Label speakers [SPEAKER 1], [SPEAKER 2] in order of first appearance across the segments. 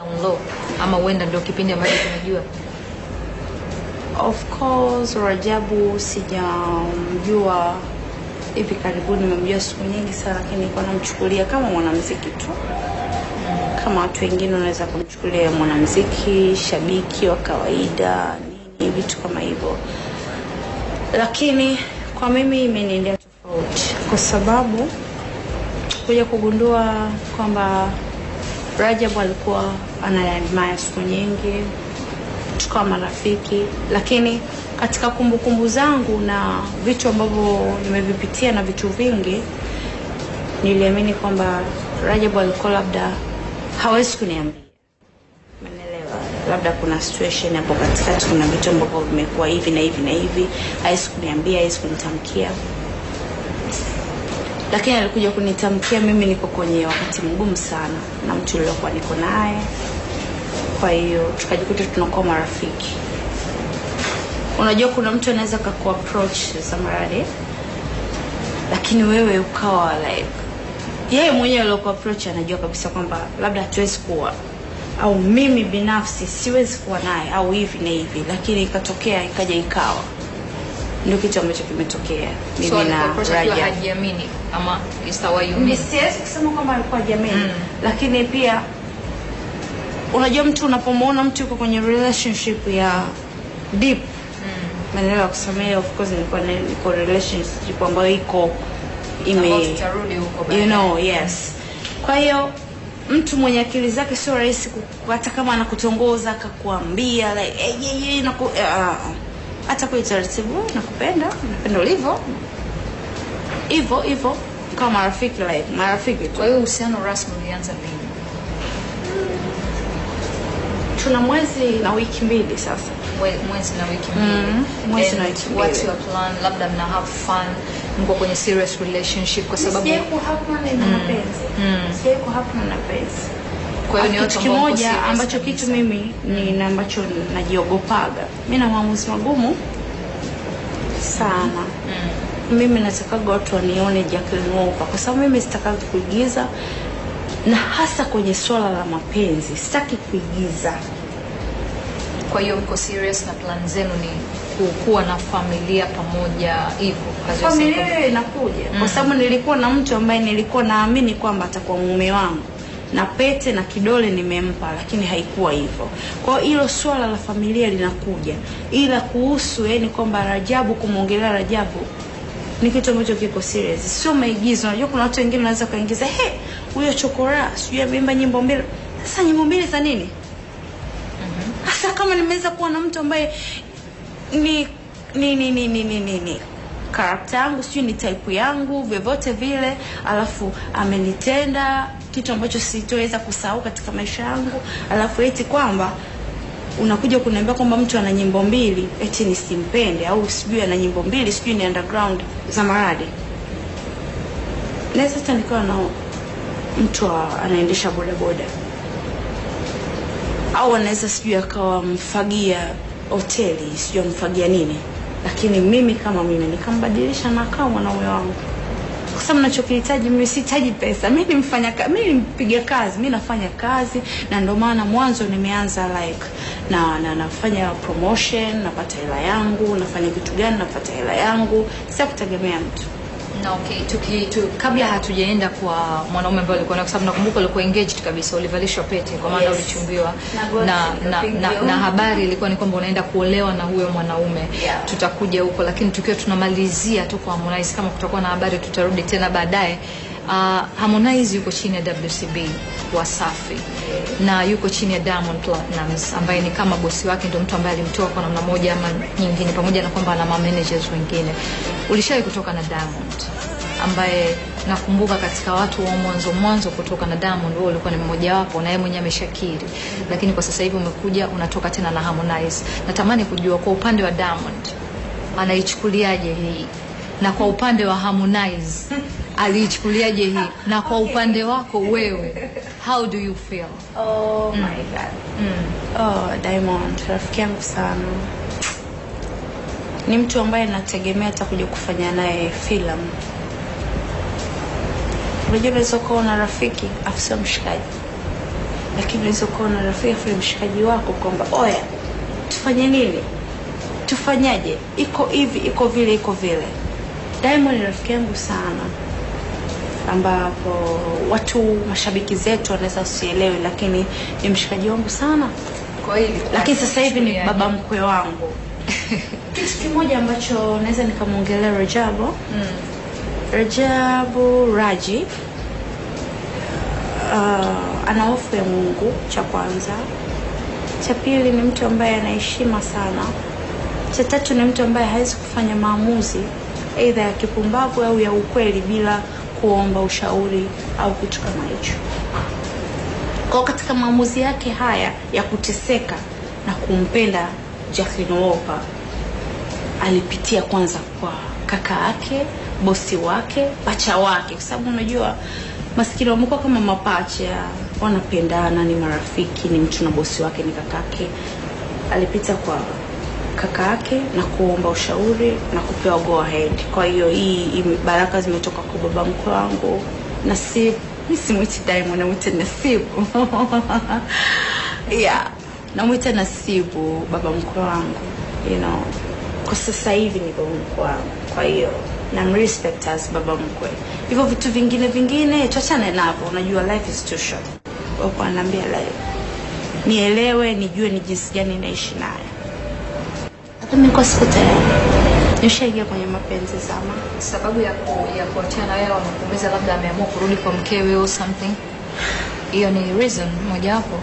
[SPEAKER 1] down low ama huenda ndio kipindi ambacho tunajua
[SPEAKER 2] Of course Rajabu sijamjua hivi karibuni, nimemjua siku nyingi sana, lakini nilikuwa namchukulia kama mwanamuziki tu, kama watu wengine unaweza kumchukulia mwanamuziki, shabiki wa kawaida, nini vitu kama hivyo, lakini kwa mimi imeniendea tofauti, kwa sababu kuja kugundua kwamba Rajab alikuwa anayamaya siku nyingi, tukawa marafiki, lakini katika kumbukumbu kumbu zangu na vitu ambavyo nimevipitia na vitu vingi, niliamini kwamba Rajab alikuwa labda hawezi kuniambia, umeelewa? Labda kuna situation hapo katikati, kuna vitu ambavyo vimekuwa hivi na hivi na hivi, hawezi kuniambia, hawezi kunitamkia lakini alikuja kunitamkia mimi niko kwenye wakati mgumu sana na mtu uliokuwa niko naye. Kwa hiyo tukajikuta tunakuwa marafiki. Unajua, kuna mtu anaweza kaku approach lakini wewe ukawa like, yeye mwenyewe alioku approach anajua kabisa kwamba labda hatuwezi kuwa au mimi binafsi siwezi kuwa naye au hivi na hivi, lakini ikatokea ikaja ikawa ndio kitu ambacho kimetokea mimi so, na Raja.
[SPEAKER 1] Hajiamini ama istawayumi.
[SPEAKER 2] Siwezi kusema kwamba alikuwa hajiamini mm. Lakini pia unajua mtu unapomwona mtu yuko kwenye relationship ya deep mm. maneno ya kusamehe, of course nilikuwa niko relationship ambayo iko ime you know, yes. Kwa hiyo mtu mwenye akili zake sio rahisi hata kama anakutongoza akakuambia like hey, yeah, yeah, ku, uh, hata kwa utaratibu, nakupenda, napenda ulivyo hivyo hivyo, kama marafiki like marafiki tu. Kwa
[SPEAKER 1] hiyo uhusiano rasmi ulianza lini?
[SPEAKER 2] tuna mwezi na wiki mbili sasa.
[SPEAKER 1] Mwe, mwezi na wiki mbili. Mm, mwezi na wiki mbili. What's your plan? Labda mna have fun, mko kwenye serious relationship kwa sababu
[SPEAKER 2] sijai ku hapo na mapenzi. Mm. Sijai ku hapo na mapenzi. Kwa hiyo ni kitu kimoja ambacho kitu mimi ni ambacho najiogopaga. Mimi na maamuzi magumu sana mm. Mimi natakaga watu wanione Jacqueline Wolper kwa sababu mimi sitaka kuigiza, na hasa kwenye swala la mapenzi sitaki kuigiza.
[SPEAKER 1] Kwa hiyo mko serious na plan zenu ni kuwa na familia pamoja hivyo?
[SPEAKER 2] Familia hiyo inakuja kwa mm. sababu nilikuwa na mtu ambaye nilikuwa naamini kwamba atakuwa mume wangu na pete na kidole nimempa, lakini haikuwa hivyo. Kwa hiyo hilo swala la familia linakuja, ila kuhusu yani kwamba Rajabu kumwongelea Rajabu ni kitu ambacho kiko serious, sio maigizo. Unajua kuna watu wengine wanaweza kaingiza he, huyo chokora sijui ameimba nyimbo mbili. Sasa nyimbo mbili za nini? Mhm. Sasa kama nimeweza kuwa na mtu ambaye ni ni ni ni ni ni, ni, ni karakta yangu, sijui ni taipu yangu, vyovyote vile, alafu amenitenda kitu ambacho sitoweza kusahau katika maisha yangu, alafu eti kwamba unakuja kuniambia kwamba mtu ana nyimbo mbili eti nisimpende, au sijui ana nyimbo mbili, sijui ni underground za Maradi. Naweza hata nikawa na mtu anaendesha bodaboda, au anaweza sijui akawa mfagia hoteli, sijui amfagia nini lakini mimi kama mimi nikambadilisha na akawa mwanaume wangu, kwa sababu nachokihitaji mimi sihitaji pesa. Mimi ni mfanya mimi ni mpiga kazi, mimi nafanya kazi, na ndio maana mwanzo nimeanza like na, na nafanya promotion, napata hela yangu, nafanya vitu gani, napata hela yangu, si mtu
[SPEAKER 1] na okay, tuki, tu, kabla hatujaenda kwa mwanaume ambaye alikuwa kwa sababu nakumbuka ulikuwa engaged kabisa, ulivalishwa pete kwa maana yes, ulichumbiwa na na, na, na, na habari ilikuwa ni kwamba unaenda kuolewa na huyo mwanaume yeah. Tutakuja huko, lakini tukiwa tunamalizia tu kwa Harmonize, kama kutakuwa na habari tutarudi tena baadaye uh, Harmonize yuko chini ya WCB Wasafi na yuko chini ya Diamond Platnumz ambaye ni kama bosi wake, ndio mtu ambaye alimtoa kwa namna moja ama nyingine, pamoja na kwamba ana managers wengine. Ulishawahi kutoka na Diamond ambaye nakumbuka katika watu wa mwanzo mwanzo kutoka na Diamond, wewe ulikuwa ni mmoja wapo, na yeye mwenyewe ameshakiri, lakini kwa sasa hivi umekuja unatoka tena na Harmonize. Natamani kujua kwa upande wa Diamond anaichukuliaje hii na kwa upande wa Harmonize aliichukuliaje hii, na kwa upande wako wewe how do you feel?
[SPEAKER 2] Oh mm. my god mm. oh Diamond rafiki yangu sana, ni mtu ambaye nategemea atakuja kufanya naye filamu. Unajua, unaweza kuwa na rafiki afu sio mshikaji, lakini unaweza kuwa na rafiki afu mshikaji wako kwamba oya, tufanye nini, tufanyaje, iko hivi, iko vile, iko vile Diamond ni rafiki yangu sana, ambapo watu mashabiki zetu wanaweza usielewe, lakini ni mshikaji wangu sana kweli, lakini sasa hivi ni baba mkwe wangu kitu kimoja ambacho naweza nikamwongelea Rajabu mm. Rajabu Raji uh, ana hofu ya Mungu, cha kwanza. Cha pili ni mtu ambaye anaheshima sana. Cha tatu ni mtu ambaye hawezi kufanya maamuzi aidha ya kipumbavu au ya ukweli bila kuomba ushauri au kitu kama hicho. Kwa katika maamuzi yake haya ya kuteseka na kumpenda Jacqueline Wolper alipitia kwanza kwa kaka yake, bosi wake, pacha wake, kwa sababu unajua maskini wamekuwa kama mapacha, wanapendana, ni marafiki, ni mtu na bosi wake ni kakake. Alipita kwa kaka yake na kuomba ushauri na kupewa go ahead. Kwa hiyo hii baraka zimetoka kwa baba mkwe wangu, na si simwiti Diamond, namwita Nasibu yeah, namwita Nasibu baba mkwe wangu you know, kwa sasa hivi ni baba mkwe wangu, kwa hiyo na mrespect as baba mkwe. Hivyo vitu vingine vingine tuachane navyo, unajua life is too short. Wapo Anaambia like nielewe, nijue ni jinsi gani naishi naye mimi niko sikutelewa. Nishaingia kwenye mapenzi sama
[SPEAKER 1] Sababu ya ku, ya kuachana wewe wanakuumiza, labda ameamua kurudi kwa mkewe au something. Hiyo ni reason mojawapo.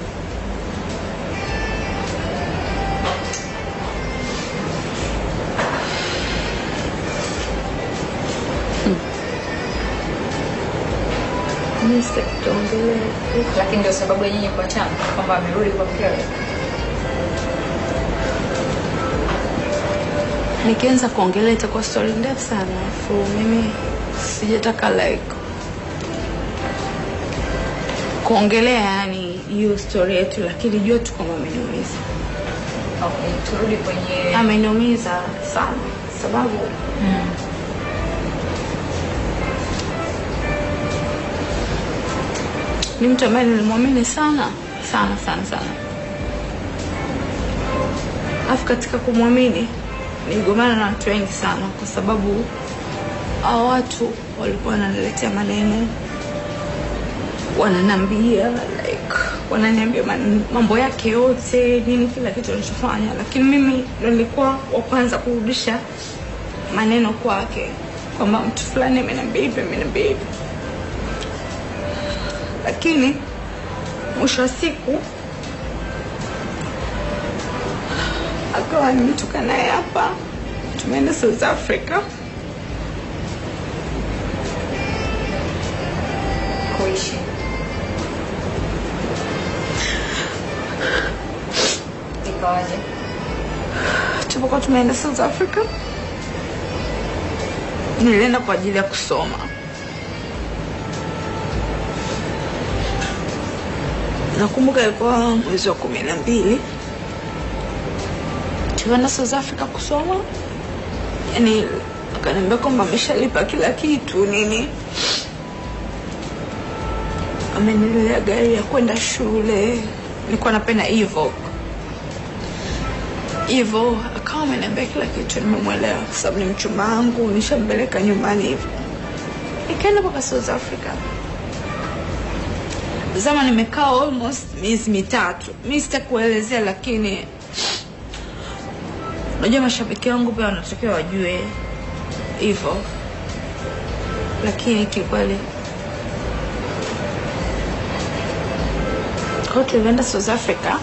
[SPEAKER 1] Hmm. Lakini ndio sababu ya nyinyi kuachana kwamba amerudi kwa mkewe.
[SPEAKER 2] nikianza kuongelea itakuwa stori ndefu sana, afu mimi sijataka like kuongelea yani hiyo stori yetu, lakini jua tu kwamba ameniumiza.
[SPEAKER 1] Okay, turudi kwenye
[SPEAKER 2] ameniumiza sana
[SPEAKER 1] sababu mm.
[SPEAKER 2] ni mtu ambaye nilimwamini sana sana sana sana, afu katika kumwamini nigomana na watu wengi sana, kwa sababu hao watu walikuwa wananiletea maneno, wananiambia like, wananiambia mambo yake yote nini, kila kitu anachofanya, lakini mimi ndo nilikuwa wa kwanza kurudisha maneno kwake kwamba mtu fulani ameniambia hivi, ameniambia hivi, lakini mwisho wa siku mtoto nimetoka naye hapa, tumeenda South Africa. Tulipokuwa tumeenda South Africa, nilienda kwa ajili ya kusoma nakumbuka ilikuwa mwezi wa kumi na mbili tumeenda South Africa kusoma, yani akaniambia kwamba ameshalipa kila kitu nini, ameninunulia gari ya kwenda shule. Nilikuwa napenda hivyo hivyo, akawa ameniambia kila kitu, nimemwelewa kwa sababu ni mchumba wangu, nishampeleka nyumbani hivyo. Nikaenda mpaka South Africa zama, nimekaa almost miezi mitatu, mi sitakuelezea lakini Unajua mashabiki wangu pia wanatakiwa wajue hivyo, lakini kiukweli kwa tulivyoenda South Africa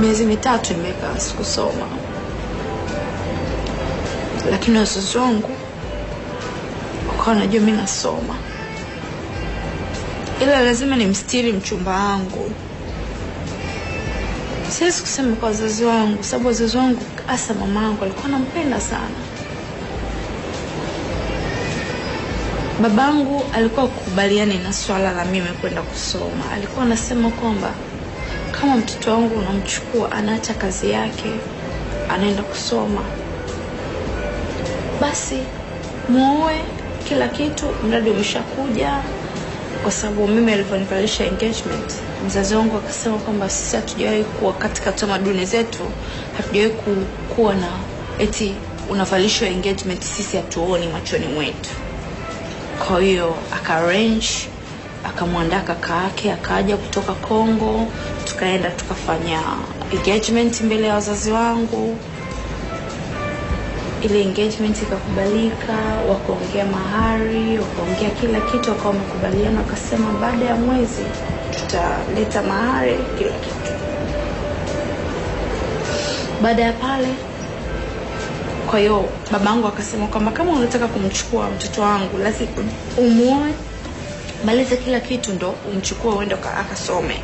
[SPEAKER 2] miezi mitatu imekaa sikusoma, lakini wazazi wangu wakawa wanajua mi nasoma, ila lazima nimstiri mchumba wangu Siwezi kusema kwa wazazi wangu, sababu wazazi wangu hasa mamangu alikuwa anampenda sana. Babangu alikuwa kukubaliani na swala la mimi kwenda kusoma. Alikuwa anasema kwamba kama mtoto wangu unamchukua, anaacha kazi yake, anaenda kusoma, basi muoe, kila kitu mradi umeshakuja kwa sababu mimi alivyonivalisha engagement, mzazi wangu akasema kwamba sisi hatujawahi kuwa katika tamaduni zetu, hatujawahi kuwa na eti unavalishwa engagement, sisi hatuoni machoni mwetu. Kwa hiyo akaarrange, akamwandaa kaka yake, akaja kutoka Kongo, tukaenda tukafanya engagement mbele ya wazazi wangu ile engagement ikakubalika, wakaongea mahari, wakaongea kila kitu, wakawa wamekubaliana, wakasema baada ya mwezi tutaleta mahari, kila kitu. Baada ya pale, kwa hiyo babangu akasema kwamba kama unataka kumchukua mtoto wangu lazima umuoe, maliza kila kitu, ndo umchukue uende akasome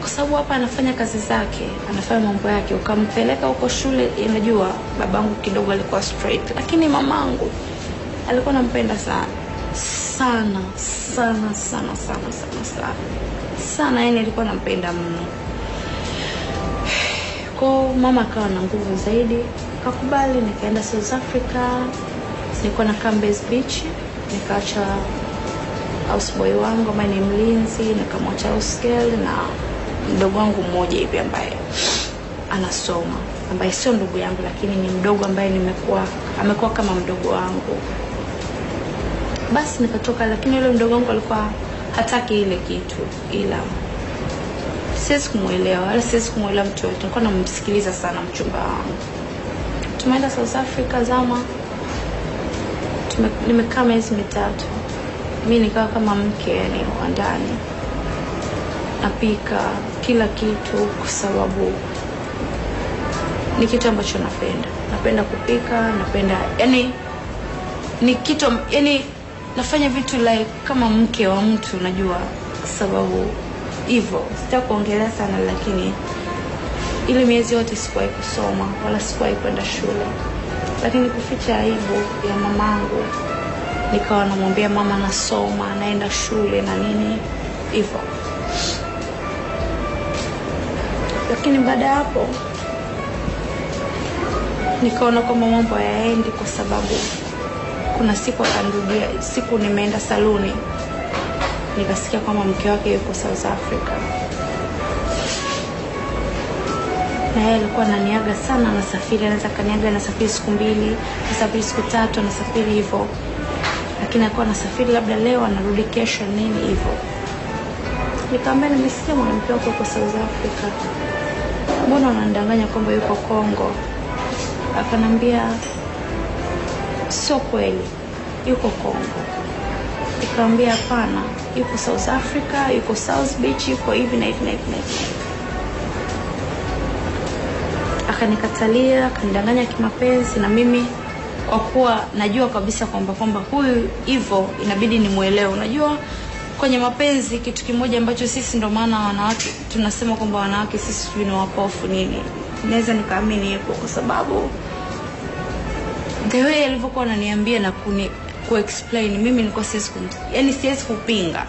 [SPEAKER 2] kwa sababu hapa anafanya kazi zake, anafanya mambo yake. Ukampeleka huko shule, inajua babangu kidogo alikuwa straight, lakini mamangu alikuwa nampenda sana sana sana sana sana sana sana sana, yani alikuwa nampenda mno. Kwa mama akawa na nguvu zaidi, kakubali, nikaenda South Africa, nilikuwa na Cambes Beach, nikaacha houseboy wangu ambaye ni mlinzi, nikamwacha house girl na mdogo wangu mmoja hivi ambaye anasoma ambaye sio ndugu yangu, lakini ni mdogo ambaye nimekuwa amekuwa kama mdogo wangu. Basi nikatoka, lakini yule mdogo wangu alikuwa hataki ile kitu, ila siwezi kumwelewa wala siwezi kumwelewa mtu yoyote. Nilikuwa namsikiliza sana mchumba wangu. Tumeenda South Africa zama, nimekaa miezi mitatu, mi nikawa kama mke yani wa ndani, napika kila kitu, kwa sababu ni kitu ambacho napenda. Napenda kupika, napenda yani, ni kitu yani, nafanya vitu like kama mke wa mtu, najua kwa sababu hivyo. Sitaki kuongelea sana, lakini ili miezi yote sikuwahi kusoma wala sikuwahi kwenda shule, lakini kuficha aibu ya mamangu nikawa namwambia mama, nasoma naenda shule na nini hivyo. Lakini baada ya hapo nikaona kwamba mambo hayaendi, kwa sababu kuna siku akanrudia. Siku nimeenda saluni, nikasikia kwamba mke wake yuko South Africa, na yeye alikuwa ananiaga sana, anasafiri, anaweza kaniaga anasafiri siku mbili, anasafiri siku tatu, anasafiri hivyo, lakini alikuwa anasafiri labda leo anarudi kesho, nini hivyo. Nikaambia nimesikia mwanamke wako yuko South Africa mbona unanidanganya kwamba yuko Kongo? Akanambia sio kweli, yuko Kongo. Nikamwambia hapana, yuko South Africa, yuko South Beach, yuko hivi na hivi na hivi na hivi. Akanikatalia, akanidanganya kimapenzi, na mimi kwa kuwa najua kabisa kwamba kwamba huyu hivyo inabidi nimuelewe, unajua kwenye mapenzi, kitu kimoja ambacho sisi ndo maana wanawake tunasema kwamba wanawake sisi sijui ni wapofu nini, naweza nikaamini hivyo kwa sababu the way alivyokuwa ananiambia na kuni kuexplain, mimi nilikuwa siwezi kum, yani siwezi kupinga.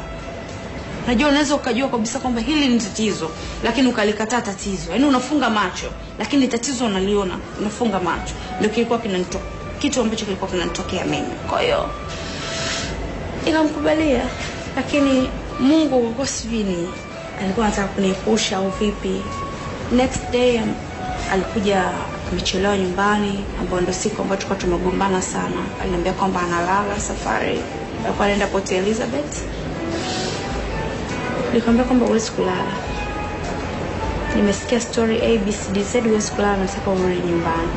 [SPEAKER 2] Najua unaweza ukajua kabisa kwamba hili ni tatizo, lakini ukalikataa tatizo, yani unafunga macho, lakini tatizo unaliona, unafunga macho. Ndio kilikuwa kinanito kitu ambacho kilikuwa kinanitokea mimi, kwa hiyo inamkubalia lakini Mungu wasivini alikuwa anataka kuniepusha au vipi. Next day um, alikuja amechelewa nyumbani, ambao ndo siku ambayo tulikuwa tumegombana sana. Aliniambia kwamba analala safari, alikuwa anaenda Port Elizabeth. Nikamwambia kwamba huwezi kulala, nimesikia story ABCDZ, huwezi kulala, nataka urudi nyumbani.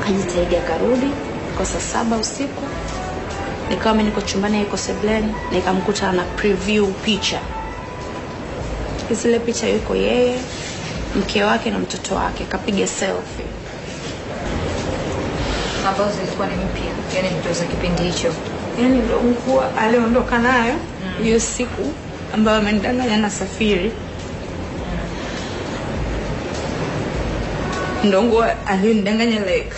[SPEAKER 2] Akajitahidi akarudi kwa saa saba usiku nikawa mimi niko chumbani, yuko sebleni, nikamkuta ana preview picha. Zile picha yuko yeye, mke wake na mtoto wake, kapiga selfie
[SPEAKER 1] ambazo zilikuwa ni mpya, yani ndio za kipindi hicho,
[SPEAKER 2] yani ndio mkuu aliondoka nayo mm. hiyo mm. siku ambayo amenidanganya na safiri mm. ndio nguo like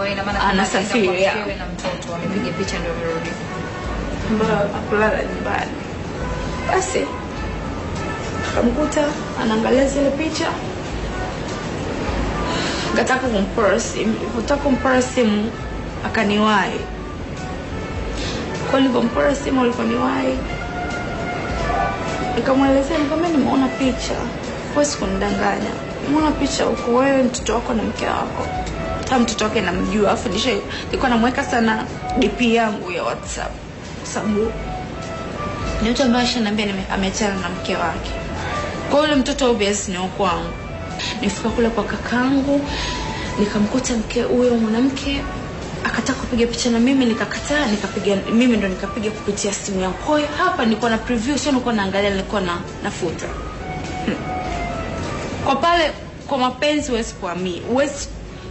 [SPEAKER 1] kwa hiyo ina anasafiri na mtoto amepiga picha ndio amerudi.
[SPEAKER 2] akulala nyumbani? Basi kamkuta anaangalia zile picha kataka kumpora simu, nilipotaka kumpora simu akaniwahi. Kwa nilivyompora simu alivyoniwahi, nikamwelezea nikamwambia, nimeona picha, huwezi kunidanganya, nimeona picha huko wewe, mtoto wako na mke wako hata mtoto wake namjua, afu nisha nilikuwa namweka sana DP yangu ya WhatsApp kwa sababu ni mtu ambaye ashaniambia ameachana na mke wake. Kwa yule mtoto obvious ni wangu. Nifika kule kwa kakangu nikamkuta mke huyo mwanamke akataka kupiga picha na mimi nikakataa, nikapiga mimi ndo nikapiga kupitia simu yangu. Kwa hiyo hapa nilikuwa na preview, sio nilikuwa naangalia, nilikuwa na nafuta. Hmm. Kwa pale kwa mapenzi huwezi kuamini, huwezi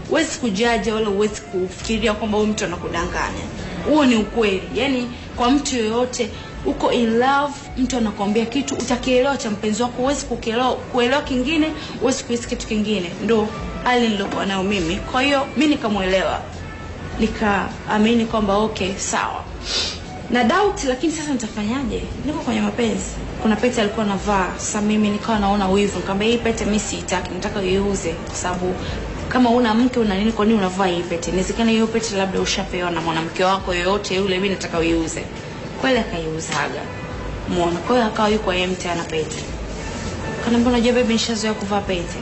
[SPEAKER 2] huwezi kujaja wala huwezi kufikiria kwamba huyu mtu anakudanganya. Huo ni ukweli, yaani kwa mtu yoyote uko in love, mtu anakuambia kitu utakielewa cha mpenzi wako, huwezi kukielewa kuelewa kingine, huwezi kuhisi kitu kingine. Ndio hali nilikuwa nayo mimi, kwa hiyo mimi nikamuelewa. nikaamini kwamba okay, sawa na doubt, lakini sasa nitafanyaje? Niko kwenye mapenzi. Kuna pete alikuwa anavaa, sasa mimi nikawa naona wivu, nikamwambia hii pete mimi siitaki, nataka uiuze kwa sababu kama una mke una nini, kwa nini unavaa hii pete? Inawezekana hiyo pete labda ushapewa na mwanamke wako yoyote yule, mimi nataka uiuze. Kweli akaiuzaga, muona. Kwa hiyo akawa yuko empty ana pete, Kanambia, unajua baby, nishazoea kuvaa pete.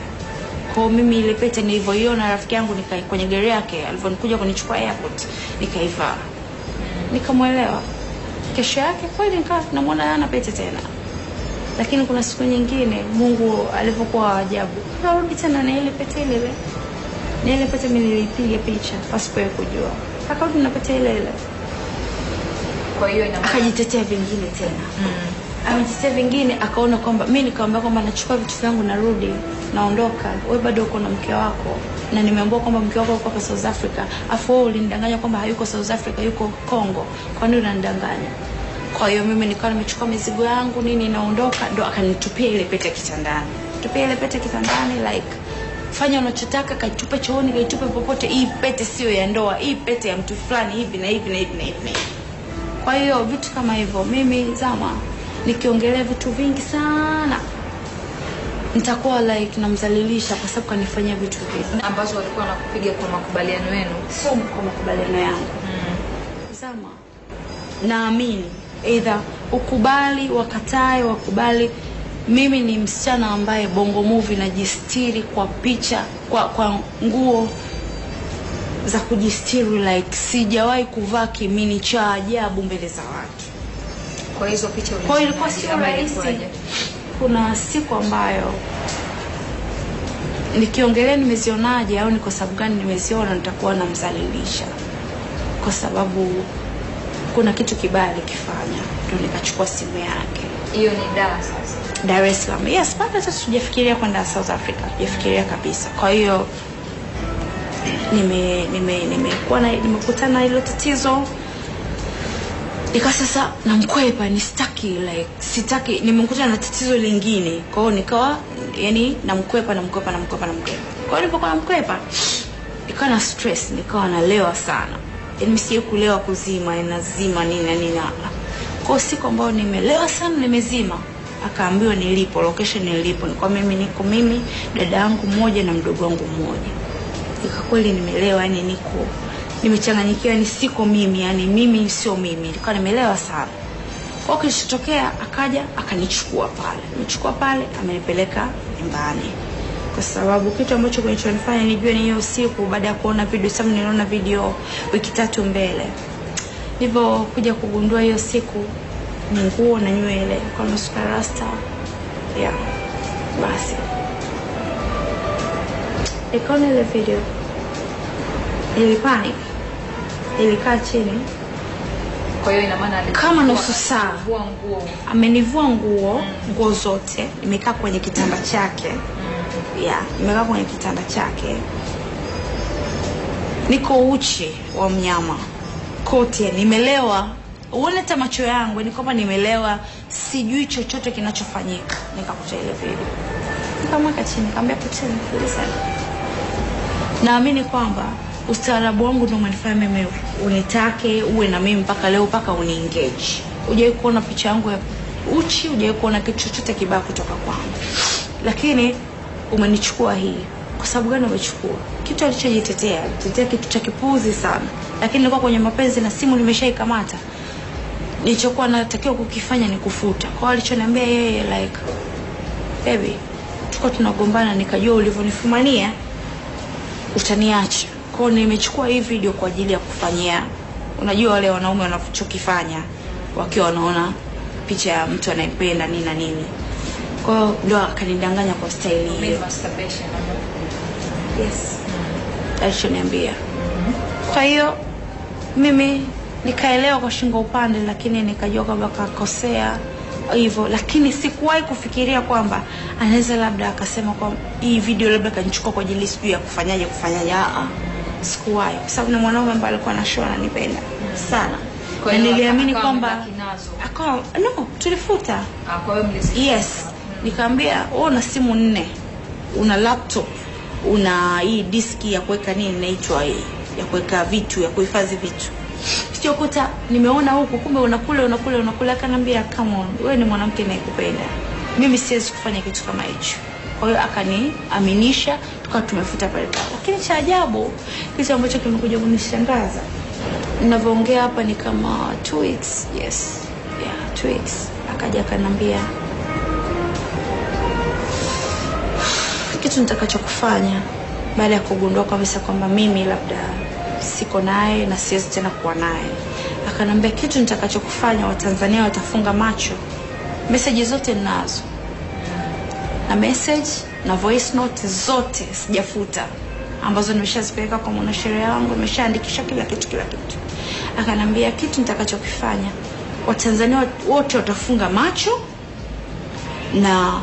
[SPEAKER 2] Kwa mimi ile pete nilivyoiona rafiki yangu nikai kwenye gari yake aliponikuja kunichukua airport nikaivaa, Nikamuelewa. Kesho yake kweli nikaa namwona ana pete tena lakini kuna siku nyingine Mungu alivyokuwa ajabu, karudi tena na ile pete ile ile na ile pete mimi nilipiga picha pasipo yeye kujua, akarudi na ile ile. Kwa hiyo ina akajitetea vingine tena mm. Amejitetea vingine, akaona kwamba mimi nikamwambia kwamba nachukua vitu vyangu narudi, naondoka, wewe bado uko na mke wako, na nimeambiwa kwamba mke wako yuko South Africa, afu wewe ulinidanganya kwamba hayuko South Africa, yuko Kongo. Kwa nini unanidanganya? Kwa hiyo mimi nikawa nimechukua mizigo yangu nini, naondoka, ndo akanitupia ile pete kitandani, tupia ile pete kitandani like fanya unachotaka, kaitupe chooni, kaitupe popote. Hii pete sio ya ndoa, hii pete ya mtu fulani, hivi na hivi na hivi na hivi. Kwa hiyo vitu kama hivyo, mimi Zama nikiongelea vitu vingi sana nitakuwa like namzalilisha kwa sababu kanifanyia vitu hivi
[SPEAKER 1] ambazo walikuwa nakupiga kwa makubaliano yenu,
[SPEAKER 2] sio kwa makubaliano yangu. Mm. Zama, naamini either ukubali, wakatae, wakubali mimi ni msichana ambaye Bongo Movie najistiri kwa picha, kwa, kwa nguo za kujistiri like sijawahi kuvaa kimini cha ajabu mbele za watu.
[SPEAKER 1] Kwa hizo picha kwa
[SPEAKER 2] ilikuwa sio rahisi. Kuna siku ambayo nikiongelea nimezionaje au ni kwa sababu gani nimeziona, nitakuwa namzalilisha kwa sababu kuna kitu kibaya alikifanya, ndio nikachukua simu yake.
[SPEAKER 1] Hiyo ni daa sasa
[SPEAKER 2] Dar es Salaam. Yes, mpaka sasa sijafikiria kwenda South Africa, sijafikiria kabisa. Kwa hiyo nime nime nimekuwa na nimekutana na hilo tatizo nika sasa namkwepa, nisitaki like sitaki, nimekutana na tatizo lingine. Kwa hiyo nikawa yani namkwepa namkwepa namkwepa namkwepa. Kwa hiyo nilipokuwa namkwepa nikawa na stress, nikawa nalewa sana, yani msiye kulewa kuzima, nazima nini na nini. Kwa hiyo siku ambayo nimelewa sana nimezima akaambiwa nilipo location, nilipo ni kwa mimi niko mimi, dada yangu mmoja na mdogo wangu mmoja. Kweli nimelewa, yani niko nimechanganyikiwa, ni siko mimi, yani mimi sio mimi, nilikuwa nimelewa sana. Kwa kilichotokea, akaja akanichukua pale, nimechukua pale, amenipeleka nyumbani kwa sababu kitu ambacho kilichonifanya nijue ni hiyo siku, baada ya kuona video, sababu niliona video wiki tatu mbele, nilivyokuja kugundua hiyo siku nguo na nywele kwa masuka rasta yeah. Basi ikaona ile video, nilipanic, nilikaa chini kwa hiyo ina maana kama nusu saa amenivua nguo mm. nguo zote, nimekaa kwenye kitanda chake mm. Yeah, nimekaa kwenye kitanda chake, niko uchi wa mnyama, kote nimelewa Uone hata macho yangu ni kwamba nimelewa, sijui chochote kinachofanyika. Nikakuta ile video, nikamweka chini, nikamwambia Putin, sana. naamini kwamba ustaarabu wangu ndio umenifanya mimi unitake uwe na mimi mpaka leo, mpaka uniengage. Hujawahi kuona picha yangu ya uchi, hujawahi kuona kitu chochote kibaya kutoka kwangu, lakini umenichukua hii kwa sababu gani umechukua? Kitu alichojitetea, alitetea kitu cha kipuzi sana, lakini nilikuwa kwenye mapenzi na simu nimeshaikamata nilichokuwa natakiwa kukifanya ni kufuta. Kwa alichoniambia yeye like baby, tuko tunagombana, nikajua ulivyonifumania utaniacha. Kwa nimechukua hii video kwa ajili ya kufanyia, unajua wale wanaume wanachokifanya wakiwa wanaona picha ya mtu anayependa nini na nini. Kwa hiyo ndo akanidanganya kwa staili hiyo. Yes, alichoniambia. Kwa hiyo mimi nikaelewa kwa shingo upande, lakini nikajua kwamba kakosea hivyo, lakini sikuwahi kufikiria kwamba anaweza labda akasema kwa hii video labda kanichukua kwa ajili sijui ya kufanyaje kufanyaje. Ah, sikuwahi kwa sababu ni mwanaume ambaye alikuwa na show ananipenda sana hiyo niliamini kwamba akawa no, tulifuta.
[SPEAKER 1] Ah,
[SPEAKER 2] yes, nikamwambia wewe oh, una simu nne, una laptop, una hii diski ya kuweka nini inaitwa hii ya kuweka vitu ya kuhifadhi vitu nikiokota nimeona huku, kumbe unakula unakula unakula. akanambia come on, wewe ni mwanamke naikupenda mimi, siwezi kufanya kitu kama hicho. Kwa hiyo akaniaminisha, tukawa tumefuta pale pale. Lakini cha ajabu, kitu ambacho kimekuja kunishangaza ninavyoongea hapa ni kama two weeks, yes, yeah, two weeks, akaja akanambia kitu nitakachokufanya baada ya kugundua kabisa kwamba mimi labda siko naye na siwezi tena kuwa naye. Akanambia kitu nitakachokufanya Watanzania watafunga macho. Meseji zote ninazo, na message na voice note zote sijafuta, ambazo nimeshazipeleka kwa mwanasheria wangu, nimeshaandikisha kila kitu, kila kitu. akanambia kitu nitakachokifanya Watanzania wote watafunga macho na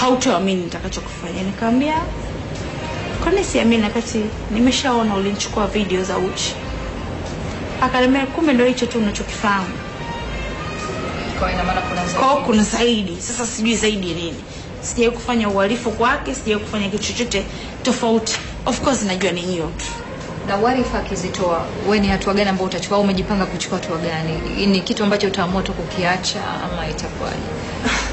[SPEAKER 2] hautaamini nitakachokufanya. Nikamwambia kwani siamini, wakati nimeshaona ulinichukua video za uchi. Akaniambia kumbe ndio hicho tu unachokifahamu.
[SPEAKER 1] Kwa ina maana kuna zaidi.
[SPEAKER 2] Kwa kuna zaidi. Sasa sijui zaidi nini. Sijawahi kufanya uhalifu kwake, sijawahi kufanya kitu chochote tofauti. Of course najua ni hiyo tu.
[SPEAKER 1] Na warifa akizitoa, wewe ni hatua gani ambayo utachukua umejipanga kuchukua hatua gani? Ni kitu ambacho utaamua tu kukiacha ama itakuwaje?